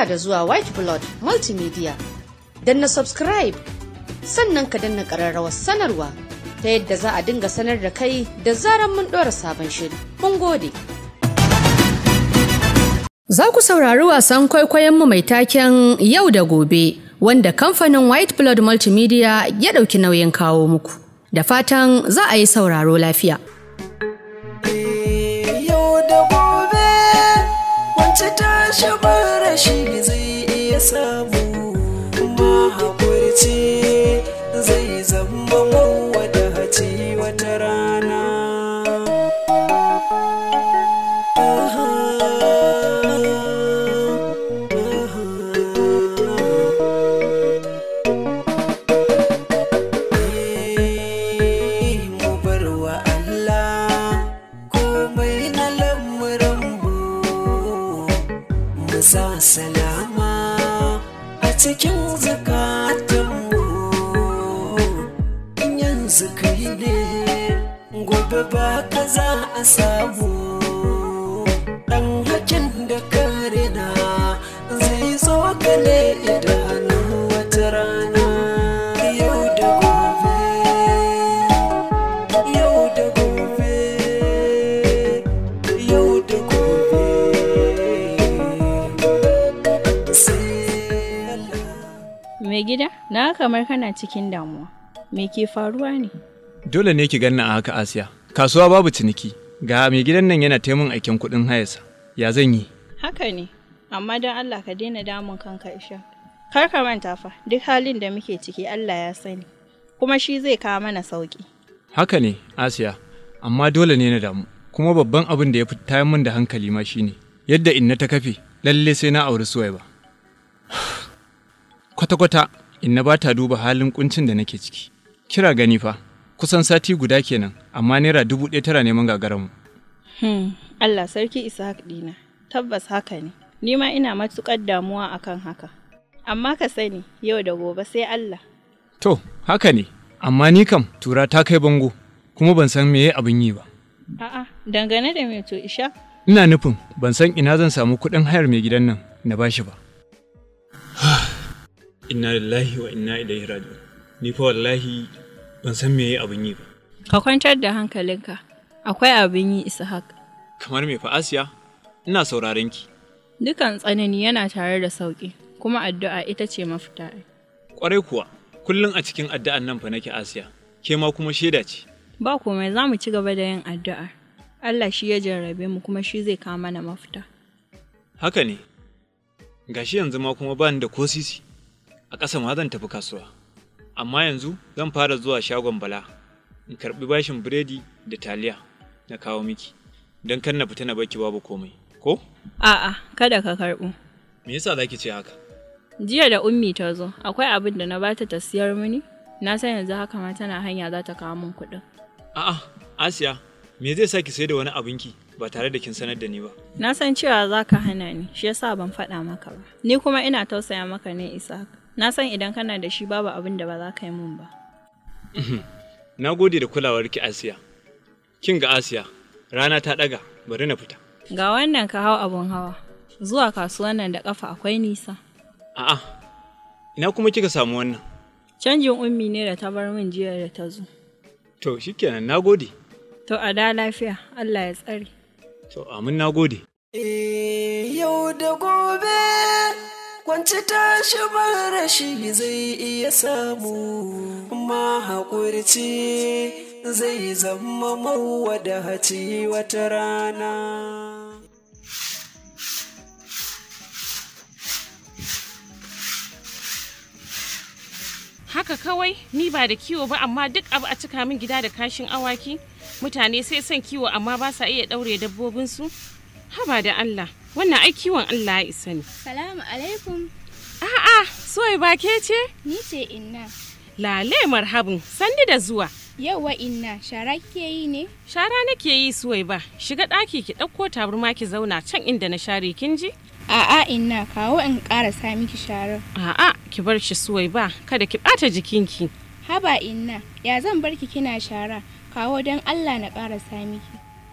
barka da zuwa white blood multimedia danna subscribe sannan ka danna ƙararrawar sanarwa ta yadda za a dinga sanar da kai da zaran mun ɗora sabon shiri mun gode za ku saurari wasan kwaikwayonmu mai taken yau da gobe wanda kamfanin white blood multimedia ya ɗauki nauyin kawo muku da fatan za a yi sauraro lafiya shi zai iya sa kamar kana cikin damuwa. Me ke faruwa ne? Dole ne ki ganna a haka Asiya. Kasuwa babu ciniki. Ga mai gidan nan yana taimun aikin kuɗin hayarsa. Ya zan yi? Haka ne. Amma don Allah ka daina damun kanka Isha. Kar ka manta fa, duk halin da muke ciki Allah ya sani. Kuma shi zai kawo mana sauki. Haka ne, Asiya. Amma dole ne na damu. Kuma babban abin da ya fi tayar min da hankali ma shine yadda inna ta kafe lalle sai na auri suwai ba. Kwata-kwata inna ba ta duba halin kuncin da nake ciki. Kira gani fa, kusan sati guda kenan, amma naira dubu ɗaya tara neman gagaranmu. Hmm, Allah sarki Isa dina, tabbas haka ne, ni ma ina matuƙar damuwa akan haka. Amma ka sani, yau da gobe sai Allah. To, haka ne, amma ni kam tura ta kai bango, kuma ban san meye abin yi ba. A'a, dangane da me to Isha? Ina nufin ban san ina zan samu kuɗin hayar mai gidan nan na bashi ba. inna lillahi wa inna ilaihi raji'un ni fa wallahi ban san me abin yi ba ka kwantar da hankalinka akwai abin yi ishaq kamar me fa asiya ina sauraron ki dukan tsanani yana tare da sauki kuma addu'a ita ce mafita kwarai kuwa kullum a cikin addu'an nan fa nake asiya ke ma kuma shaida ce ba komai za mu ci gaba da yin addu'a Allah shi ya jarrabe mu kuma shi zai kawo mana mafita haka ne gashi yanzu ma kuma bani da ko sisi a ƙasa ma zan tafi kasuwa amma yanzu zan fara zuwa shagon bala in karɓi bashin biredi da taliya na kawo miki don kan na fita na baki babu komai ko a'a kada ka karɓo me yasa zaki ce haka jiya da ummi ta zo akwai abin da na bata ta siyar mini na san yanzu haka ma tana hanya za ta kawo min kuɗin a'a asiya me zai sa ki sai da wani abinki ba tare da kin sanar da ni ba. Na san cewa za ka hana ni, shi yasa ban faɗa maka ba. Ni kuma ina tausaya maka ne isa. Na san idan kana da shi babu abin da ba za ka yi mun ba. Na gode da ki Asiya. Kin ga Asiya, rana ta ɗaga, bari na fita. Ga wannan ka hau abun hawa, zuwa kasuwan nan da ƙafa akwai nisa. A'a, ina kuma kika samu wannan? Canjin ummi ne da ta bar min jiya da ta zo. To, shikenan, na gode. To, a da lafiya, Allah ya tsare. To, amin na gode. Eh, yau da gobe. shi mara shi zai iya samu, ma haƙurci zai zama da haci wata rana. Haka kawai ni ba da kiwo ba amma duk abu a cika min gida da kashin awaki, mutane sai son kiwo amma ba sa iya ɗaure dabbobinsu. Haba da Allah, wannan ai kiwon Allah ya isa ne. Salamu alaikum. A'a, so ba ke ce? Ni ce inna. Lale marhabin, sandi da zuwa. wa inna, shara kike yi ne? Shara nake yi Suwaiba, ba, shiga ɗaki ki ɗauko taburma ki zauna can inda na share kin ji? A'a inna, kawo in ƙara sa miki sharar. A'a, ki bar shi soyi ba, kada ki ɓata jikinki. Haba inna, ya zan bar ki kina shara, kawo don Allah na ƙara sa miki.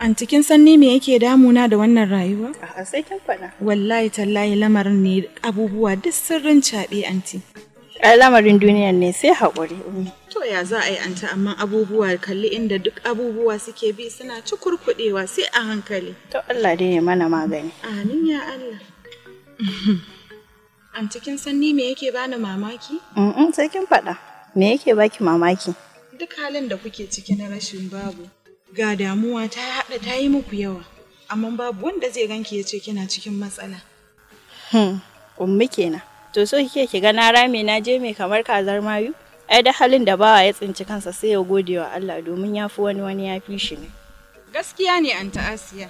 an cikin sanni me yake damuna da wannan rayuwa? A'a sai kin faɗa. Wallahi tallahi lamarin ne abubuwa duk sirrin caɓe anti. Ai lamarin duniyar ne sai haƙuri. To ya za a yi anti amma abubuwa kalli inda duk abubuwa suke bi suna ci kurkuɗewa sai a hankali. To Allah dai ya mana magani. Amin ya Allah. An cikin sanni me yake bani mamaki? Mm sai kin faɗa. Me yake baki mamaki? Duk halin da kuke ciki na rashin babu. ga damuwa ta haɗa ta yi muku yawa amma babu wanda zai ganki ya ce kina cikin matsala hmm ummi kenan to so kike ki ga na rame na je mai kamar kazar mayu ai da halin da bawa ya tsinci kansa sai ya gode wa Allah domin ya fi wani wani ya fi shi ne gaskiya ne an ta asiya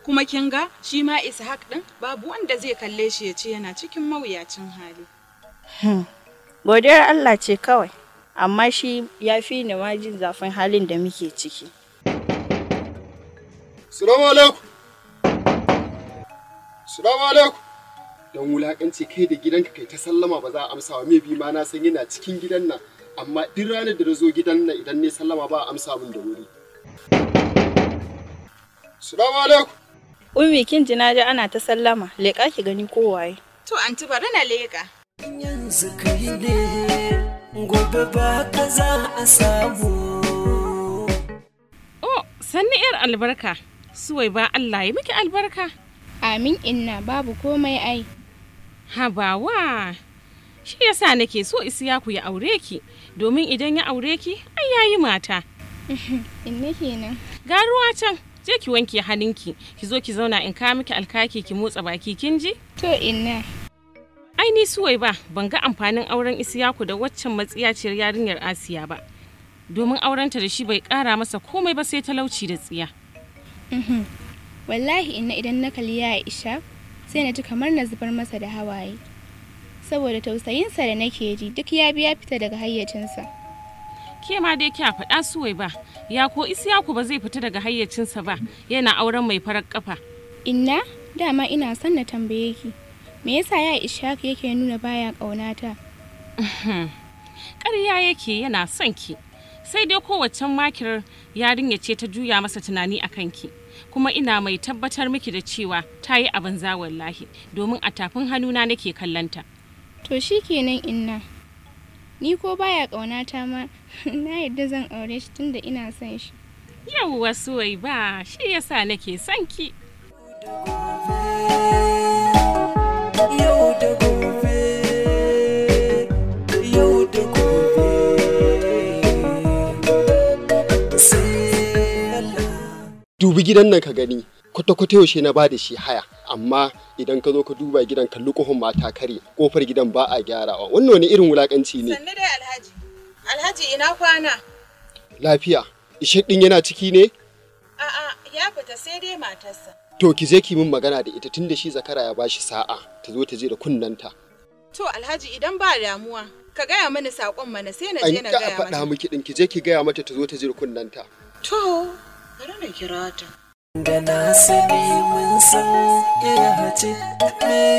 kuma kin ga shi ma ishaq din babu wanda zai kalle shi ya ce yana cikin mawuyacin hali hmm. godiyar Allah ce kawai amma shi ya fi ni ma jin zafin halin da muke ciki Salamu alaikum. Salamu alaikum. Dan wulakanci kai da gidanka kai ta sallama ba za a amsa wa bi ma na san yana cikin gidan nan amma duk ranar da na zo gidan nan idan ne sallama ba a amsa min da wuri. Salamu alaikum. Ummi kin ji na ji ana ta sallama leƙa ki gani ko waye. To anti bari na leƙa. Yanzu kai ne gobe ba ka za a samu. Oh, sanni 'yar albarka. suwai ba Allah ya miki albarka. Amin inna babu komai ai. Habawa, shi yasa nake so Isiyaku ya aure ki, domin idan ya aure ki, ai yayi mata. Inna kenan. Garuwa can, je ki wanke hannunki, ki zo ki zauna in ka miki alkaki ki motsa baki kin ji? To inna. Ai ni suwai ba, ban ga amfanin auren Isiyaku da waccan matsiyaciyar yarinyar Asiya ba. Domin aurenta da shi bai ƙara masa komai ba sai talauci da tsiya. Mhm. wallahi inna idan na kalli ya isha sai na ji kamar na zubar masa da hawaye saboda tausayinsa da nake ji duk ya biya fita daga hayyacinsa ke ma dai kya faɗa suwai ba ya ko isyaku ba zai fita daga hayyacinsa ba yana auren mai farar kafa inna dama ina son na tambaye ki me yasa ya ishaq yake nuna baya ƙaunata ƙarya yake yana son ki sai dai kowace makirar yarinya ce ta juya masa tunani a kanki kuma ina mai tabbatar miki da cewa ta yi abin zawon lahi domin a tafin hannuna nake kallanta to shi kenan inna ni ko baya ƙaunata ma na yadda zan aure shi tunda ina son shi yawwa suwai ba shi yasa nake son ki dubi gidan nan ka gani kwata-kwata yaushe na bada shi haya amma idan ka zo ka duba gidan kalli kohon mata kare kofar gidan ba a gyarawa wannan wani irin wulakanci ne Sannu dai alhaji alhaji ina kwana lafiya Ishe din yana ciki ne a'a ya fita sai dai matarsa to ki je ki min magana da ita tunda shi zakara ya bashi sa'a ta zo ta je da kunnanta to alhaji idan ba damuwa ka gaya mini saƙon mana sai na je na gaya mata an ka faɗa miki din ki je ki gaya mata ta zo ta je da kunnanta to bari na kira ta ce me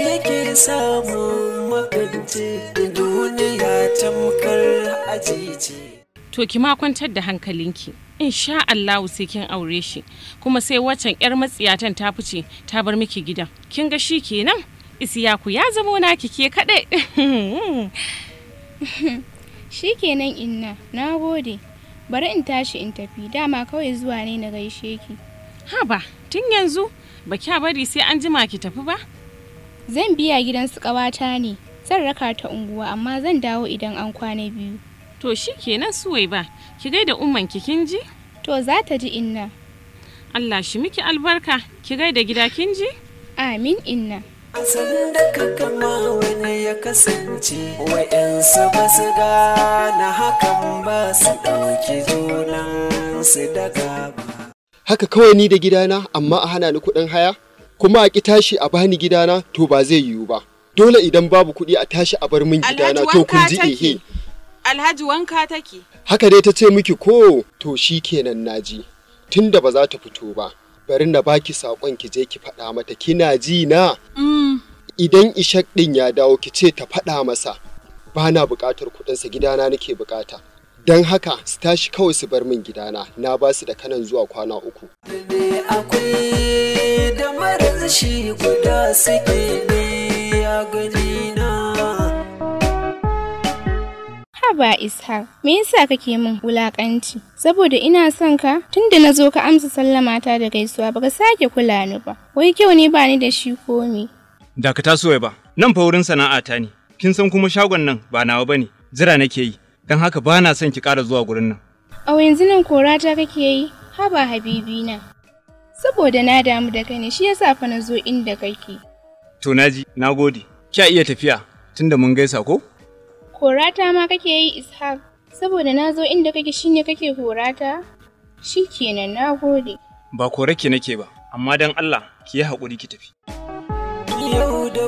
yake samun makance da duniya tamkar ajiye to ki ma kwantar da hankalinki insha Allahu sai kin aure shi kuma sai waccan yar matsiyatan ta fice ta bar miki gidan kin ga shi kenan isiyaku ya zamo naki ke kadai kenan inna nagode bari in tashi in tafi dama kawai zuwa ne na gaishe ki haba tun yanzu ba kya bari sai an jima ki tafi ba zan biya gidan su ƙawata ne zan raka ta unguwa amma zan dawo idan an kwana biyu to shi kenan suwai ba ki gaida umman ki kin ji to za ta ji inna Allah shi miki albarka ki gaida gida kin ji amin inna asalin da ka wani ya kasance wa'yansu ba su gane hakan ba su ɗauki junansu daga ba. haka kawai ni da gidana amma a hana ni kuɗin haya kuma a ƙi tashi a bani gidana to ba zai yiwu ba dole idan babu kuɗi a tashi a bar min gidana to kun ji ehe alhaji wanka take haka dai ta ce miki ko to shi kenan naji tunda ba za ta fito ba bari na baki sakon ki je ki faɗa mata kina ji na mm. idan ishak din ya dawo ki ce ta faɗa masa ba na buƙatar kuɗinsa gidana nake buƙata don haka su tashi kawai su bar min gidana na ba su da kanan zuwa kwana uku Haba ishar me yasa kake min wulakanci? Saboda ina son ka, tunda na zo ka amsa sallama ta da gaisuwa baka sake kula ni ba. Wai kyau ne ba ni da shi ko ka taso ba, nan fa wurin sana'ata ne, kin san kuma shagon nan ba nawa ba ne, jira nake yi, don haka ba na son ki ƙara zuwa gurin nan. A yanzu nan korata kake yi, haba habibi na. Saboda na damu da kai ne, shi yasa fa na zo inda kake. To naji, na gode. Kya iya tafiya, tunda mun gaisa ko? Korata ma kake yi Ishaq, saboda na zo inda kake shine kake korata? Shikenan, na gode. Ba kore ke nake ba, amma don Allah ki yi haƙuri ki tafi. Eh,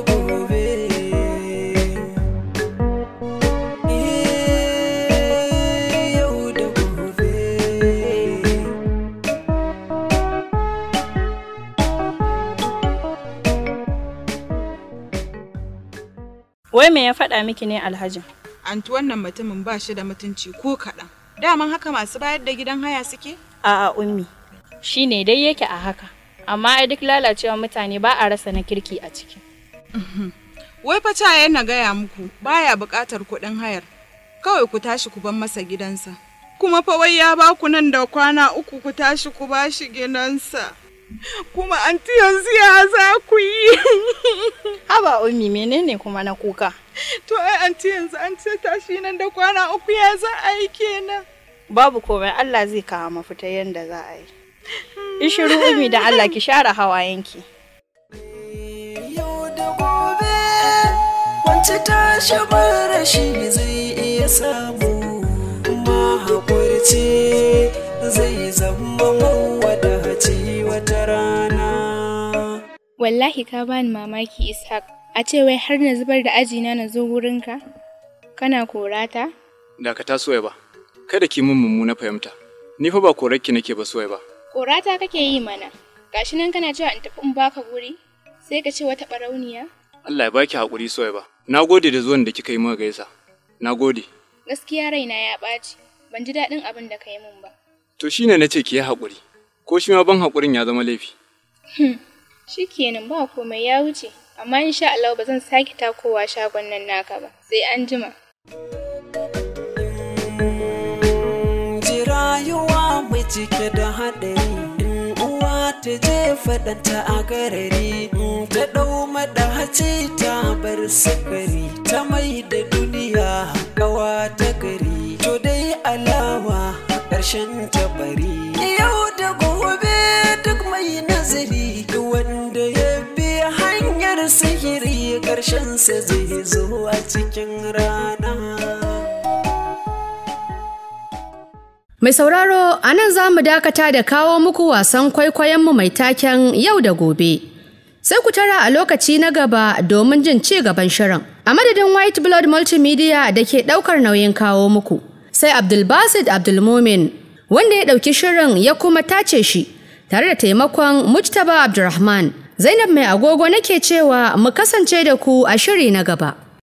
Wai me ya faɗa miki ne alhajin? Antu wannan mutumin ba shi da mutunci ko kaɗan. Daman haka masu bayar da gidan haya suke? A'a ummi. Shi ne dai yake a haka. Amma ai duk lalacewa mutane ba a rasa na kirki a ciki. Wai fa ca yana gaya muku baya buƙatar kuɗin hayar. Kawai ku tashi ku ban masa gidansa. Kuma fa wai ya ba ku nan da kwana uku ku tashi ku ba shi gidansa. Kuma anti yanzu ya za ku yi. Haba ummi menene kuma na kuka? To ai anti yanzu an ce tashi nan da kwana uku ya za a yi kenan. Babu komai Allah zai kawo mafita yanda za a yi. Ishiru ummi da Allah ki share hawayenki. ci tashi bara shi zai iya samu ma haƙurci zai zama mawadaci wata rana wallahi ka bani mamaki ishaq a ce wai har na zubar da aji na zo wurinka kana korata da ka taso ba kada ki mun mummuna fahimta ni fa ba korarki nake ba soyayya ba korata kake yi mana gashi nan kana cewa in tafi in baka guri sai ka ce wata barauniya Allah ya baki hakuri soyayya ba Na gode da zuwan da kika yi gaisa. Na gode. Gaskiya raina ya ɓaci, ban ji daɗin abin da ka yi min ba. To shine na ce ki yi hakuri, ko shi ma ban haƙurin ya zama laifi. Hmm. Shi kenan ba komai ya wuce, amma insha Allah ba zan sake takowa shagon nan naka ba, sai an jima. Ji rayuwa mai cike da haɗari. ta je fadanta a garari ta ɗau maɗa hace ta bar sakari ta mai da duniya kawa ta gari to dai alawa ƙarshen ta bari yau da gobe duk mai nazari wanda ya bi hanyar sihiri ƙarshen sa zai zo a cikin rana Mai sauraro a nan za mu dakata da kawo muku wasan kwaikwayonmu mai taken yau da gobe. Sai ku tara a lokaci na gaba domin jin ci gaban shirin. A madadin White Blood Multimedia da ke ɗaukar nauyin kawo muku. Sai Abdulbasid Abdulmumin wanda ya ɗauki shirin ya kuma tace shi tare da taimakon Mujtaba Abdulrahman. Zainab mai agogo nake cewa mu kasance da ku a shiri na gaba.